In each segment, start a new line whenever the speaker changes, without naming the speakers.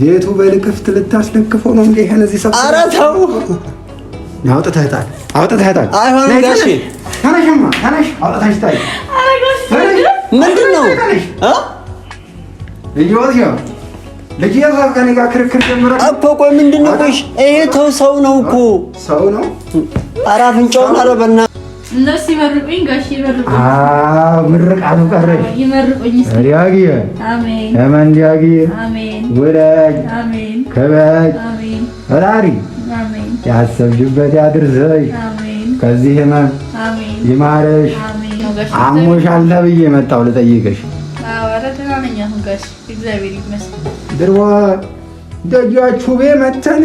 ቤቱ በልክፍት ልታስለክፈው ነው እንዴ? ይሄን እዚህ ሰብስበው። ኧረ ተው፣ አውጥተህታል፣ አውጥተህታል።
አይሆንም ጋሼ፣
ተነሽማ፣ ተነሽ፣ አውጥተሽ ታይ። ምንድን ነው ልጅ ያዛፍ ከኔ ጋር ክርክር ጀምረ
እኮ። ቆይ ምንድን ነው? ቆይ ይሄ ተው፣ ሰው ነው እኮ ሰው ነው። ኧረ አፍንጫውን፣ ኧረ
እነሱ ይመርቁኝ ጋሽ ይመርቁኝ።
አዎ ምርቃቱ ቀረሽ። ይመርቁኝ እስኪ ዲያጊ አሜን። ለማን ዲያጊ አሜን። ወላጅ አሜን። ከበጅ አሜን። ፈጣሪ አሜን። ያሰብሽበት ያድርሰሽ። አሜን። ከዚህ ህመም አሜን ይማረሽ። አሜን። አሞሻል ተብዬ መጣሁ ልጠይቅሽ። አዎ ደጃችሁ ቤ መተን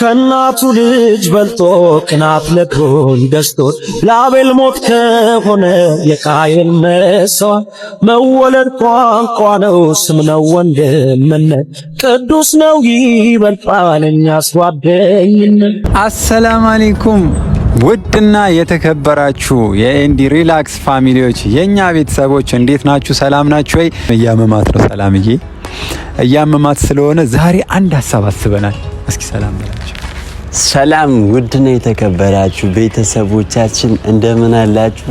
ከእናቱ ልጅ በልጦ ቅናት ለብሮኝ ደስቶት ለአቤል ሞት ከሆነ የቃየል መሰዋት መወለድ ቋንቋ ነው፣ ስም ነው፣ ወንድምነት ቅዱስ ነው ይበልጣል እኛስ ጓደኝነት። አሰላም አለይኩም ውድና የተከበራችሁ የኤንዲ ሪላክስ ፋሚሊዎች የእኛ ቤተሰቦች እንዴት ናችሁ? ሰላም ናችሁ ወይ? እያመማት ነው ሰላምዬ እያመማት ስለሆነ ዛሬ አንድ ሀሳብ አስበናል። እስኪ ሰላም ብላችሁ።
ሰላም ውድና የተከበራችሁ ቤተሰቦቻችን እንደምን አላችሁ?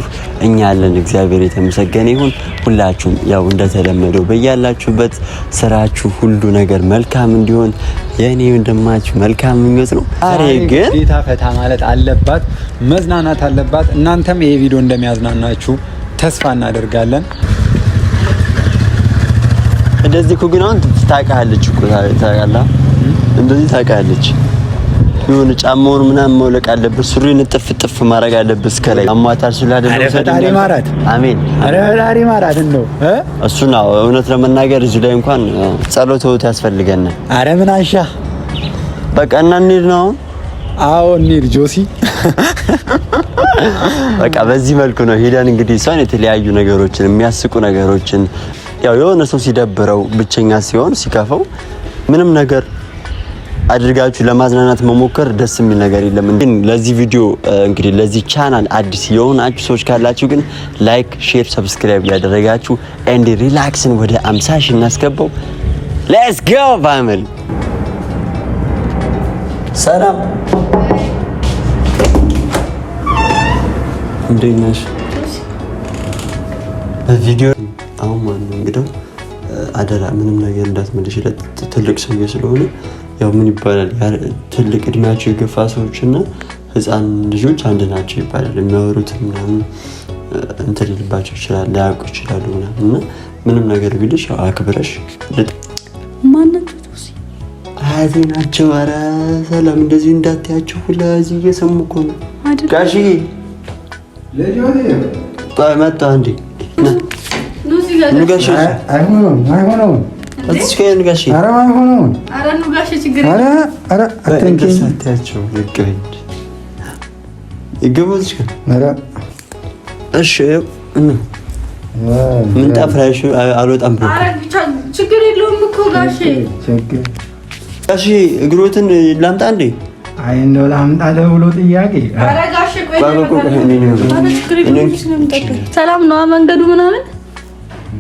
እኛ አለን፣ እግዚአብሔር የተመሰገነ ይሁን። ሁላችሁም ያው እንደተለመደው በያላችሁበት ስራችሁ ሁሉ ነገር መልካም እንዲሆን የእኔ ወንድማችሁ መልካም ምኞት ነው። ዛሬ ግን
ቤታ ፈታ ማለት አለባት፣ መዝናናት አለባት። እናንተም ይሄ ቪዲዮ እንደሚያዝናናችሁ ተስፋ እናደርጋለን።
እንደዚህ እኮ ግን አሁን ታውቃለች እኮ ታውቃለህ፣ እንደዚህ ታውቃለች። የሆነ ጫማውን ምናምን መውለቅ አለበት፣ ሱሪውን ጥፍ ጥፍ ማድረግ አለበት እስከ ላይ አሟታል። ሱላ
ደግሞ ፈጣሪ ማራት። አሜን። አረ ፈጣሪ ማራት እንደው
እሱ ነው እውነት ለመናገር እዚህ ላይ እንኳን ጸሎት ወት ያስፈልገናል። አረ ምን አሻ በቃ እና እንሂድ ነው።
አዎ እንሂድ ጆሲ
በቃ በዚህ መልኩ ነው ሄደን እንግዲህ እሷን የተለያዩ ነገሮችን የሚያስቁ ነገሮችን ያው የሆነ ሰው ሲደብረው ብቸኛ ሲሆን ሲከፈው ምንም ነገር አድርጋችሁ ለማዝናናት መሞከር ደስ የሚል ነገር የለም። ግን ለዚህ ቪዲዮ እንግዲህ ለዚህ ቻናል አዲስ የሆናችሁ ሰዎች ካላችሁ ግን ላይክ፣ ሼር፣ ሰብስክራይብ እያደረጋችሁ ኤንድ ሪላክስን ወደ 50 ሺህ እናስገባው። ሌትስ ጎ ፋሚሊ። ሰላም እንዴት ነሽ? ማለት ነው። እንግዳው አደራ ምንም ነገር እንዳትመልሽለት ትልቅ ሰውዬ ስለሆነ ያው ምን ይባላል ትልቅ እድሜያቸው የገፋ ሰዎች ሰዎችና ህፃን ልጆች አንድ ናቸው ይባላል። የሚያወሩት ምናምን እንትን ሊልባቸው ይችላል፣ ላያውቁ ይችላሉ ምናምን እና ምንም ነገር ቢልሽ ያው አክብረሽ ማናቸው አያቴ ናቸው። ኧረ ሰላም እንደዚህ እንዳትያቸው ሁላ እዚህ እየሰሙ እኮ ነው ጋሽዬ መጣ አንዴ ንጋሽ
አልወጣም
ብሎ ችግር የለውም እኮ
እግሮትን ላምጣ እንዴ?
አይ እንደው ላምጣ ጥያቄ።
ሰላም ነዋ መንገዱ ምናምን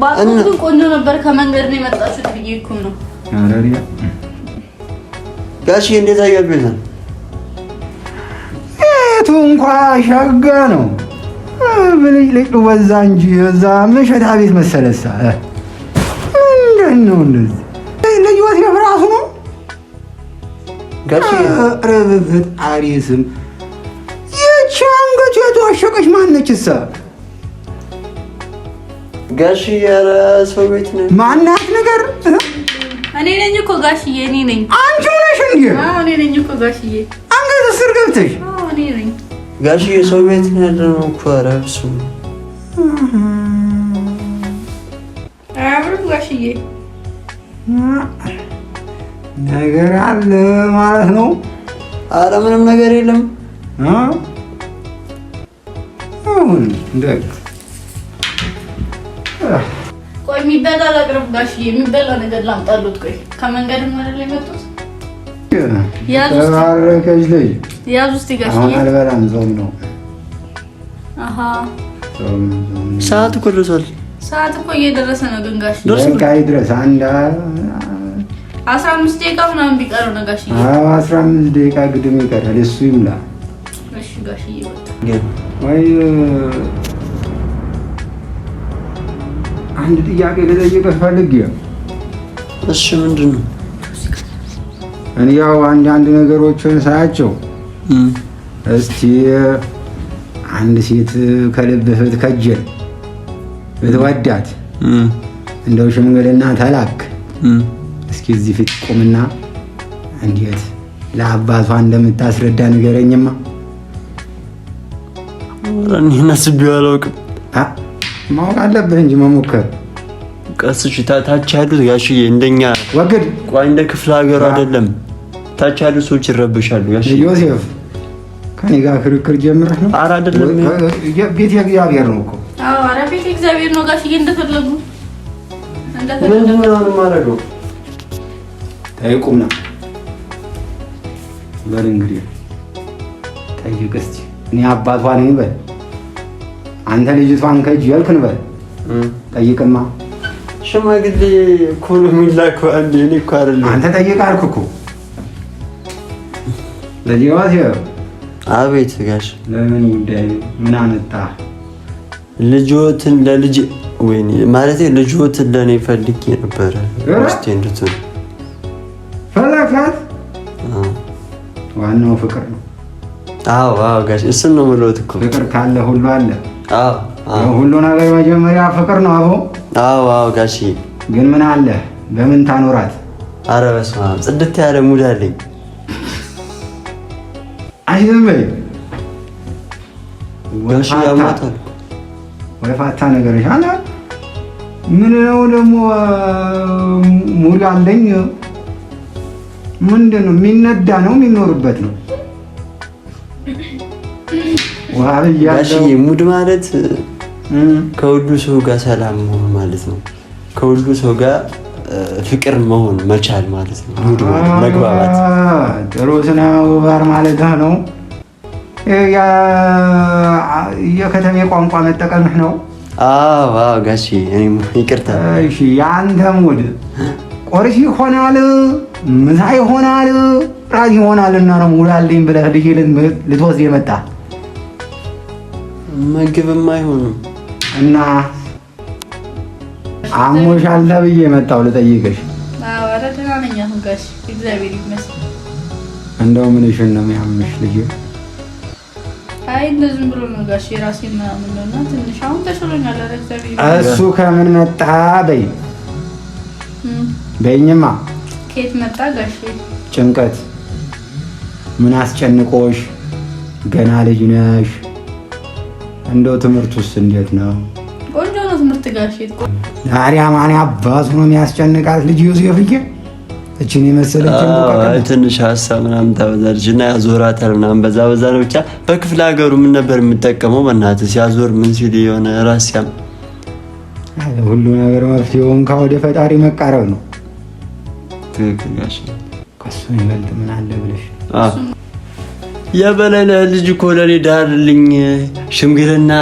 ባትሆን ቆንጆ ነበር። ከመንገድ ነው የመጣችሁት ብዬ እኮ ነው።
ጋሽ እንደዛ እያገዛን
የቱ እንኳ ሸጋ ነው ብልጭልጩ በዛ እንጂ በዛ መሸታ ቤት መሰለሳ ምንድን ነው እንደዚህ ለየወት ራሱ ነው ረብ ፈጣሪ ስም ይቺ አንገቱ የተወሸቀች ማነችሳ?
ጋሽ የራሰው ቤት ነው።
ማናት ነገር
እኔ ነኝ እኮ ጋሽዬ፣ እኔ ነኝ።
አንቺ ነሽ እንዴ?
አዎ እኔ ነኝ እኮ ጋሽዬ።
አንገት ስር ገብተሽ?
አዎ እኔ ነኝ
ጋሽዬ። ሰው ቤት ነው ያለው እኮ ረብሱ።
አብረን ጋሽዬ
ነገር አለ ማለት ነው።
አረ ምንም ነገር የለም።
አሁን እንደግ
የሚበላ ላቅርብ ጋሽ፣ የሚበላ ነገር ላምጣሉት። ቆይ ከመንገድ መረል የመጡት
ተባረከች ልጅ
ያዙ እስኪ ጋሽ። አሁን
አልበላም፣ ጾም ነው።
ሰዓት እኮ ደርሷል።
ሰዓት እኮ እየደረሰ ነው። ግን ጋሽ ድረስ አንድ አስራ አምስት ደቂቃ ምናምን ቢቀር ነው ጋሽ።
አስራ አምስት ደቂቃ ግድም ይቀራል። እሱ ይምላ ወይ አንድ ጥያቄ ልጠይቅህ ፈልጌ።
እሺ፣ ምንድን ነው?
እኔ ያው አንዳንድ ነገሮችን ሳያቸው እስቲ አንድ ሴት ከልብህ ብትከጅል ብትወዳት እንደው ሽምግልና ተላክ እስኪ እዚህ ፊት ቁምና እንዴት ለአባቷ እንደምታስረዳ ንገረኝማ።
እኔ ነስቤ አላውቅም።
ማወቅ አለብህ እንጂ መሞከር
ቀስች ታች ያሉት ጋሽዬ እንደኛ ወግድ ቋ- እንደ ክፍለ ሀገር አይደለም። ታች ያሉት ሰዎች ይረብሻሉ። ጋሽዬ
ዮሴፍ ከኔ ጋር ክርክር ጀምረህ ነው? ኧረ አይደለም፣ ቤት የእግዚአብሔር ነው እኮ።
አዎ፣ ኧረ ቤት የእግዚአብሔር ነው ጋሽዬ። እንደፈለጉ
ምንድን ነው የማደርገው? ጠይቁምና በል እንግዲህ ጠይቅ እስኪ እኔ አባቷ ነኝ በል አንተ ልጅቷን ከእጅ ያልክ ንበል ጠይቅማ።
ሽማግሌ እኮ ነው የሚላከው። አንዴ እኔ እኮ አይደለም
አንተ ጠይቅ አልክ እኮ ለዲዋት
አቤት ጋሽ፣
ለምን ጉዳይ ምን አመጣ?
ልጆትን ለልጅ ወይኔ ማለት ልጆትን ለእኔ ፈልጌ ነበረ ውስጤ እንድትሆን
ፈላካት። ዋናው ፍቅር ነው።
አዎ አዎ ጋሽ፣ እሱን ነው የምልዎት እኮ
ፍቅር ካለ ሁሉ አለ። ሁሉ ነገር መጀመሪያ ፍቅር ነው አቦ።
አዎ አዎ ጋሺ።
ግን ምን አለ በምን ታኖራት?
አረ በስመ አብ ጽድት ያለ ሙድ አለኝ። አይዘንበይ ጋሺ ያማታል
ወይ ፋታ ነገር ይሻላል። ምን ነው ደግሞ ሙድ አለኝ። ምንድን ነው የሚነዳ ነው የሚኖርበት ነው
ጋሽዬ ሙድ ማለት ከሁሉ ሰው ጋር ሰላም መሆን ማለት ነው። ከሁሉ ሰው ጋር ፍቅር መሆን መቻል ማለት ነው። ሙድ ማለት መግባባት፣
ጥሩ ስነ ምግባር ማለት ነው። የከተሜ ቋንቋ መጠቀምህ ነው።
አዎ ጋሺ ይቅርታ።
እሺ፣ የአንተ ሙድ ቁርስ ይሆናል፣ ምሳ ይሆናል፣ ራት ይሆናል እና ነው ሙላልኝ ብለህ ልጅ ልትወስድ የመጣ
ምግብም አይሆንም
እና አሞሻል ተብዬ መጣሁ ልጠይቅሽ።
ኧረ ደህና ነኝ ጋሽ እግዚአብሔር
እንደው ነው የሚያምሽ
አይ ብሎ ነው ጋሽ የራሴ ነው እና ትንሽ አሁን ተሽሎኛል።
እሱ ከምን መጣ በይ በይኝማ።
ከየት መጣ ጋሽ?
ጭንቀት ምን አስጨንቆሽ? ገና ልጅ ነሽ እንደው ትምህርት ውስጥ እንዴት ነው?
ቆንጆ ነው ትምህርት ጋር ሸት
ታዲያ ማን አባቱ ነው የሚያስጨንቃት ልጅ ዮሴፍዬ እችን የመሰለች
ትንሽ ሀሳብ ምናምን ታበዛለች እና ያዞራታል ምናምን በዛ በዛ ነው። ብቻ በክፍለ ሀገሩ ምን ነበር የምጠቀመው? በእናትህ ሲያዞር ምን ሲል የሆነ ራስ ሲያም
ሁሉ ነገር መፍትሄውን ከወደ ፈጣሪ መቃረብ ነው።
ትክክል ጋሽ
ከሱ ይበልጥ ምን አለ ብለሽ
የበለለ ልጅ እኮ ለእኔ ዳርልኝ ሽምግልና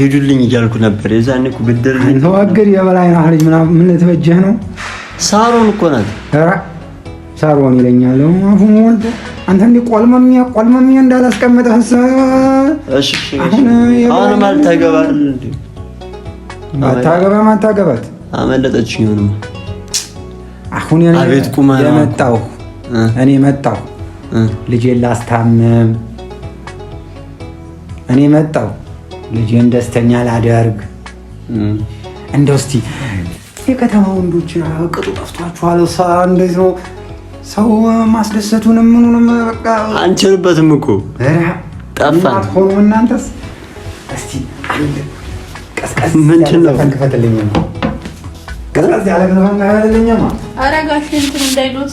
ሄዱልኝ እያልኩ ነበር። የዛኔ እኮ ብድር
ተዋግድ የበላይ ነው ልጅ ምን ልትበጀህ ነው?
ሳሮን እኮ ናት።
ሳሮን ይለኛል አሁን ወልዶ አንተ እንዲህ ቆልመሚያ ቆልመሚያ እንዳላስቀመጠህ
እሺ፣ አሁንም አልታገባል
አታገባም አታገባት
አመለጠችኝ። አሁን አቤት ቁማ
የመጣሁ እኔ መጣሁ ልጄን ላስታምም እኔ መጣው ልጄን ደስተኛ ላደርግ እንደ ውስቲ የከተማ ወንዶች ቅጡ ጠፍቷችኋል። እንዴት ነው ሰው ማስደሰቱን? ምኑንም በቃ
አንችልበትም እኮ
ጠፋን። ሆኖ እናንተስ እስቲ ቀዝቀዝ ምንድን ነው ፈንክፈትልኝ ቀዝቀዝ ያለ ፈንክፈትልኝ ማ
አረጋሽ እንትን እንዳይሎት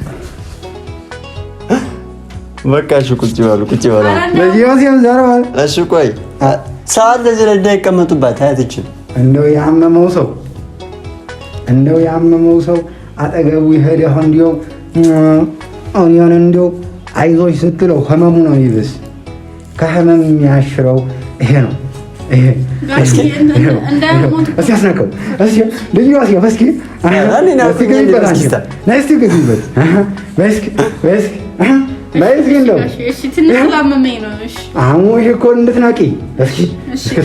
በቃ እሺ፣ ቁጭ በሉ ቁጭ በሉ። እሺ ቆይ ሰዓት ለዚህ ላይ እንዳይቀመጡባት አያትችም።
እንደው ያመመው ሰው እንደው ያመመው ሰው አጠገቡ ይሄድ ያሁን እንዲያው እኔን እንዲያው አይዞች ስትለው ህመሙ ነው ይብስ ከህመም የሚያሽረው ይሄ ነው። እስኪ አስነቀው ልዩ ላይዝግን ነው።
እሺ ትንሽ ስላመመኝ ነው። እሺ
አሞሽ እኮ እንድትናቂ። እስኪ እስኪ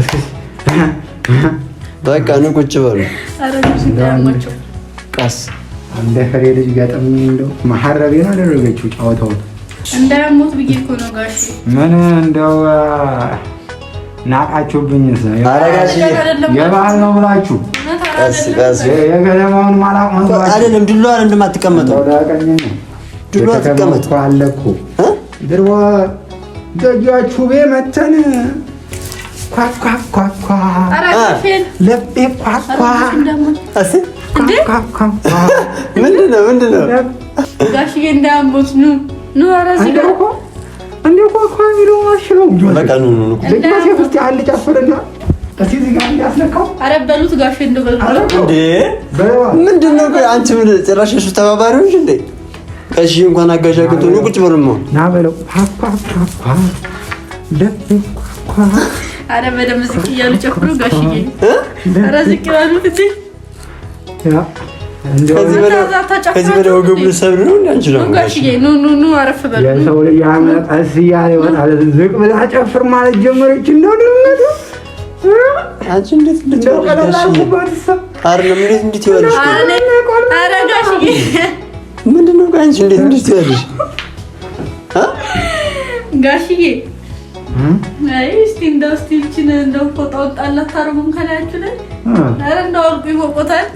እስኪ
በቃ ነው ቁጭ በሉ። ቀስ
እንደ ፈሬ ልጅ ጋጠም እንደው መሐረቤን አደረገችው ጨዋታውን
እንዳያሞት ብዬ እኮ ነው ጋሽ።
ምን እንደው ናቃችሁብኝ። የባህል ነው ብላችሁ ቀስ ቀስ የከተማውን ማላቅ
አይደለም ድሏን እንደማትቀመጠው
ድሏ ትቀመጥ አለኩ ድሮ ደጃቹ ቤ መተን ኳኳኳኳ ለቤ ኳኳ
ምንድን ነው ምንድን ነው
ጋሽዬ እንዳያሞት ነው
እንዴ ኳኳ የሚለው ዋሽ ነው
ልግማሴፍስቲ
አንድ ጨፍርና
ምንድን ነው አንቺ ምን ጭራሽ ተባባሪዎች እንዴ ቀሺ እንኳን አጋዣ ግን ቁጭ ብር ነው
ና በለው።
አረ በደምብ ዝቅ እያሉ ጨፍሩ ጋሽዬ። አረ ዝቅ
ከዚህ በላይ ልሰብር ነው
ጋሽዬ። ኑ ኑ ኑ፣ አረፍ
በሉ። ዝቅ ብላ ጨፍር ማለት ጀመረች። እንደው ድመቱ አንቺ እንዴት እንዴት
አረ ጋሽዬ ምንድን ነው አንቺ እንዴት እንዴት ያለሽ?
ጋሽዬ እስቲ እንደው እስቲ ልችን እንደው ፎጣ ወጣላት ታርጉም ከላያችሁ ላይ ኧረ እንደው አልኩ ይሞቆታል።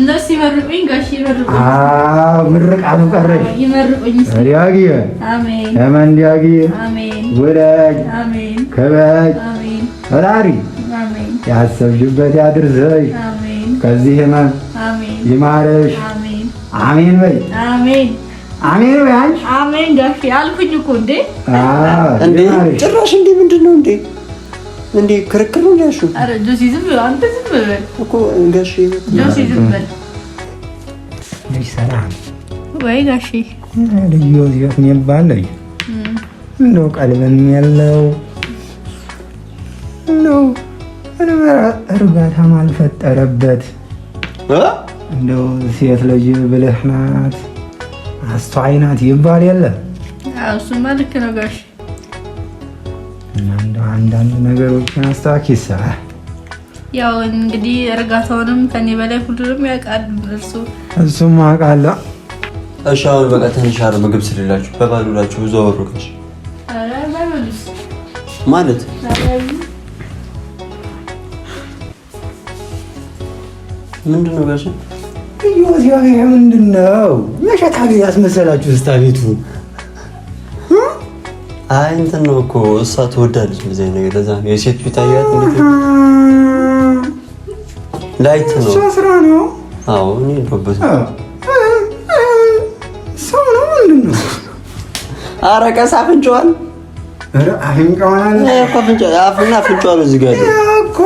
እነሱ ይመርቁኝ ጋሽዬ ይመርቁኝ።
ከዚህ ህመም ይማረሽ። አሜን በይ። አሜን አሜን በይ። አንቺ
አሜን ጋሽ አልኩኝ እኮ እንዴ!
እንዴ ጭራሽ እንዴ! ምንድን ነው እንዴ? እንዴ ክርክር ነው ያሹ።
አረ ጆሲ ዝም ብሎ አንተ ዝም ብሎ
እኮ ጋሽ ጆሲ ዝም ብሎ ልጅ ሰላም ወይ ጋሽ ልዩ የሚባል ልዩ እንደው ቀልብም ያለው እርጋታም አልፈጠረበት። እንደው ሴት ልጅ ብልህ ናት፣ አስተዋይ ናት ይባል የለ።
እሱማ ልክ ነው ጋሽ።
አንዳንድ ነገሮችን አስተካክ
ያው እንግዲህ እርጋታውንም ከኔ በላይ ሁሉንም ያውቃል እርሱ።
እሱም አውቃለሁ።
እሺ አሁን በቃ ትንሽ ምግብ ስልላችሁ በባሉላችሁ ብዙ አወሩ ጋሽ ማለት ምንድን ነው ጋሽ?
ቅዮት ያገያ ምንድን ነው መሸት ያስመሰላችሁ እስታ ቤቱ
አይ እንትን ነው እኮ እሷ ትወዳለች እንደዚህ አይነት ነገር። የሴት ፊት እንዴት ላይት ነው
እሷ ስራ ነው።
አዎ እኔ ልበበት
ሰው ነው ምንድን ነው
ኧረ ቀስ አፍንጫዋን ኧረ አፍና አፍንጫዋ በዚህ ጋር
እኮ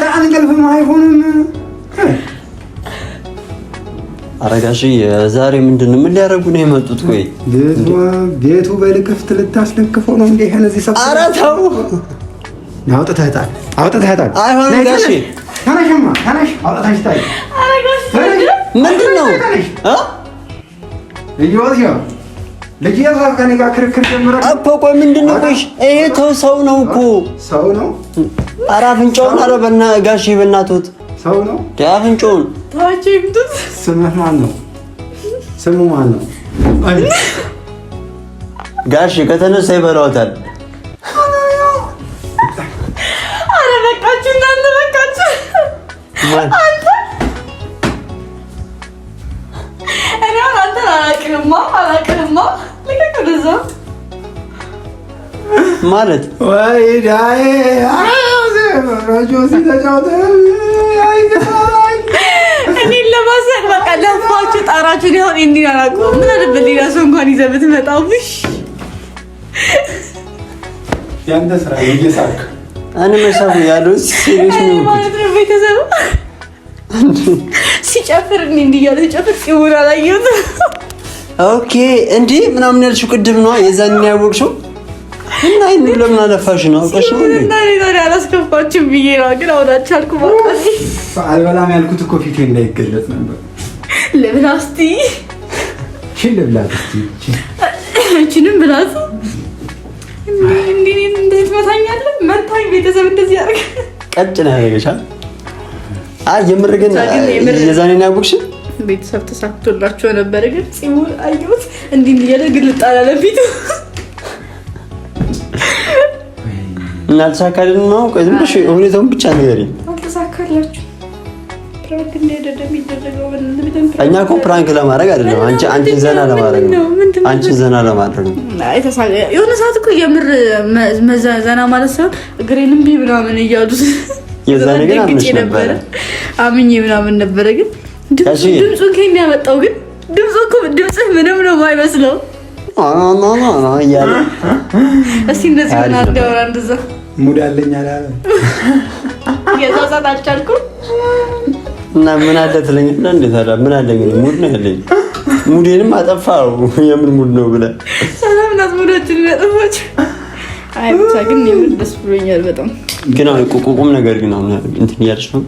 ለአንቀልፍም አይሆንም
አረጋሽ ዛሬ ምንድን ምን ሊያደርጉ ነው የመጡት? ወይ
ቤቱ በልክፍት ልታስለክፈው ነው እንዴ? ይሄን እዚህ
ሰብስበው። ኧረ ተው፣
አውጥተህታል፣ አውጥተህታል።
አይሆንም ጋሽ፣
ተነሽማ፣ ተነሽ፣ አውጥተሽታል።
አረጋሽ
ምንድን ነው
እ ልጅ ከኔ ጋር ክርክር ጀምረ
እኮ። ቆይ ምንድን ነው? ቆይ ይሄ ተው፣ ሰው ነው እኮ ሰው ነው። ኧረ አፍንጫውን፣ ኧረ በእናትህ ጋሽ፣ በእናትህ ሰው ነው አፍንጫውን
ተዋቸው ይምጡት።
ስምህ ማን ነው? ስሙ ማን ነው?
ጋሽ ከተነሳ ይበላውታል።
አረ በቃችሁ እናንተ በቃችሁ። አንተ እኔ አንተን አላውቅህማ አላውቅህማ። ልቀቅ ወደዛ
ማለት
ወይ ዳይ አይ ተጫውተህ
እኔን ለማሰር በቃ ለፋችሁ ጣራችሁ ሊሆን እንዲህ አላውቀውም። ምን አለበት ሌላ ሰው እንኳን ይዘህ ብትመጣው። እሺ
ያንተ ስራ እየሳቅ
አን መሳቡ ያለው ሲሪየስ
ነው ማለት ነው። ቤተሰብ ሲጨፍር እንዲህ እንዲህ እያለ ሲጨፍር ጽሙን አላየሁትም።
ኦኬ እንዲህ ምናምን ያልሽው ቅድም ነዋ የዛን ያወቅሽው እና ይሄን ለምን አለፋሽ ነው?
አውቀሽ ነው እንዴ? እና ይሄን አላስከፋችም ብዬ ነው፣ ግን አውዳች አልኩ።
አልበላም ያልኩት እኮ ፊቴ እንዳይገለጽ ነበር። ለምን አስቲ ቺል ብላት እስቲ
እቺንም ብላት እንዴ እንደዚህ ትመታኛለህ? መታኝ። ቤተሰብ እንደዚህ ያደርግ
ቀጭ ነው ያደረገሻል። አይ የምር ግን የዛኔን ያወቅሽን
ቤተሰብ ተሳክቶላቸው ነበር፣ ግን ጽሙን አየሁት እንዲህ እንዲያደርግ ልጣላ ለፊቱ
እናልተሳካልን ማወቅ ዝም ብለሽ ሁኔታውን ብቻ ነገር እኛ እኮ ፕራንክ ለማድረግ አይደለም፣ አንቺ አንቺ ዘና ለማድረግ ነው። አንቺን ዘና ለማድረግ ነው።
የሆነ ሰዓት እኮ የምር ዘና ማለት ሳይሆን እግሬንም ቢ ምናምን እያሉት
የዛን ግን አምነሽ
ነበረ፣
አምኜ ምናምን ነበረ። ግን ድምፁን ከሚያመጣው ግን ድምፁ እኮ ድምፅህ ምንም ነው የማይመስለው እያለ እስኪ እንደዚህ ሆነ አደውራ እንደዛ
ሙድ አለኝ አላለ
እና ምን አለ ትለኝ እና እንዴት አላ ምን አለኝ ሙድ ነው ያለኝ። ሙዴንም አጠፋው። የምን ሙድ ነው ብለ
ሰላም ናት። ሙዳችን ያጠፋች። አይ ብቻ ግን የምን ደስ ብሎኛል በጣም
ግን አሁን ቁቁቁም ነገር ግን አሁን እንትን እያልሽ ነው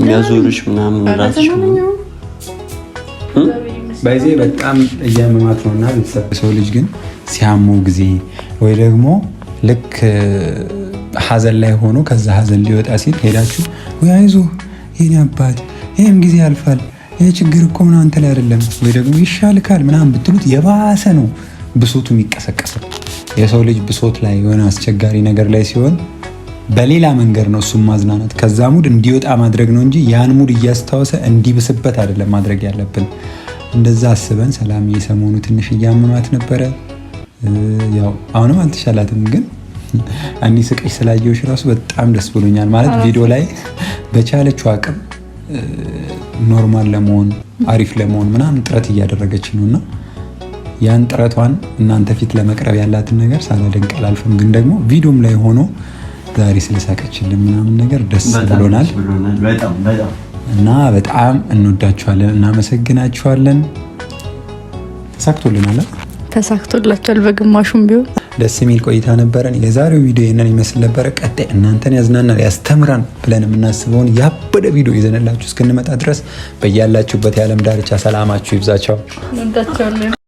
የሚያዞርሽ ምናምን ራስሽ
በጣም እያመማት ነው እና ሰው ልጅ ግን ሲያሙ ጊዜ ወይ ደግሞ ልክ ሀዘን ላይ ሆኖ ከዛ ሀዘን ሊወጣ ሲል ሄዳችሁ ያይዞ ይህን አባት ይህም ጊዜ ያልፋል ይህ ችግር እኮ ምን አንተ ላይ አይደለም ወይ ደግሞ ይሻልካል ምናምን ብትሉት የባሰ ነው ብሶቱ የሚቀሰቀሰው። የሰው ልጅ ብሶት ላይ የሆነ አስቸጋሪ ነገር ላይ ሲሆን በሌላ መንገድ ነው እሱም ማዝናናት ከዛ ሙድ እንዲወጣ ማድረግ ነው እንጂ ያን ሙድ እያስታወሰ እንዲብስበት አይደለም ማድረግ ያለብን። እንደዛ አስበን ሰላም የሰሞኑ ትንሽ እያመማት ነበረ ያው አሁንም አልተሻላትም፣ ግን እኔ ስቀሽ ስላየሁሽ ራሱ በጣም ደስ ብሎኛል። ማለት ቪዲዮ ላይ በቻለችው አቅም ኖርማል ለመሆን አሪፍ ለመሆን ምናምን ጥረት እያደረገች ነው እና ያን ጥረቷን እናንተ ፊት ለመቅረብ ያላትን ነገር ሳላደንቅ አላልፍም። ግን ደግሞ ቪዲዮም ላይ ሆኖ ዛሬ ስለሳቀችልን ምናምን ነገር ደስ ብሎናል እና በጣም እንወዳችኋለን፣ እናመሰግናችኋለን። ተሳክቶልናል።
ተሳክቶላቸዋል በግማሹም ቢሆን።
ደስ የሚል ቆይታ ነበረን። የዛሬው ቪዲዮ ይህንን ይመስል ነበረ። ቀጣይ እናንተን ያዝናናል፣ ያስተምራን ብለን የምናስበውን ያበደ ቪዲዮ ይዘንላችሁ እስክንመጣ ድረስ በያላችሁበት የዓለም ዳርቻ ሰላማችሁ ይብዛቸው።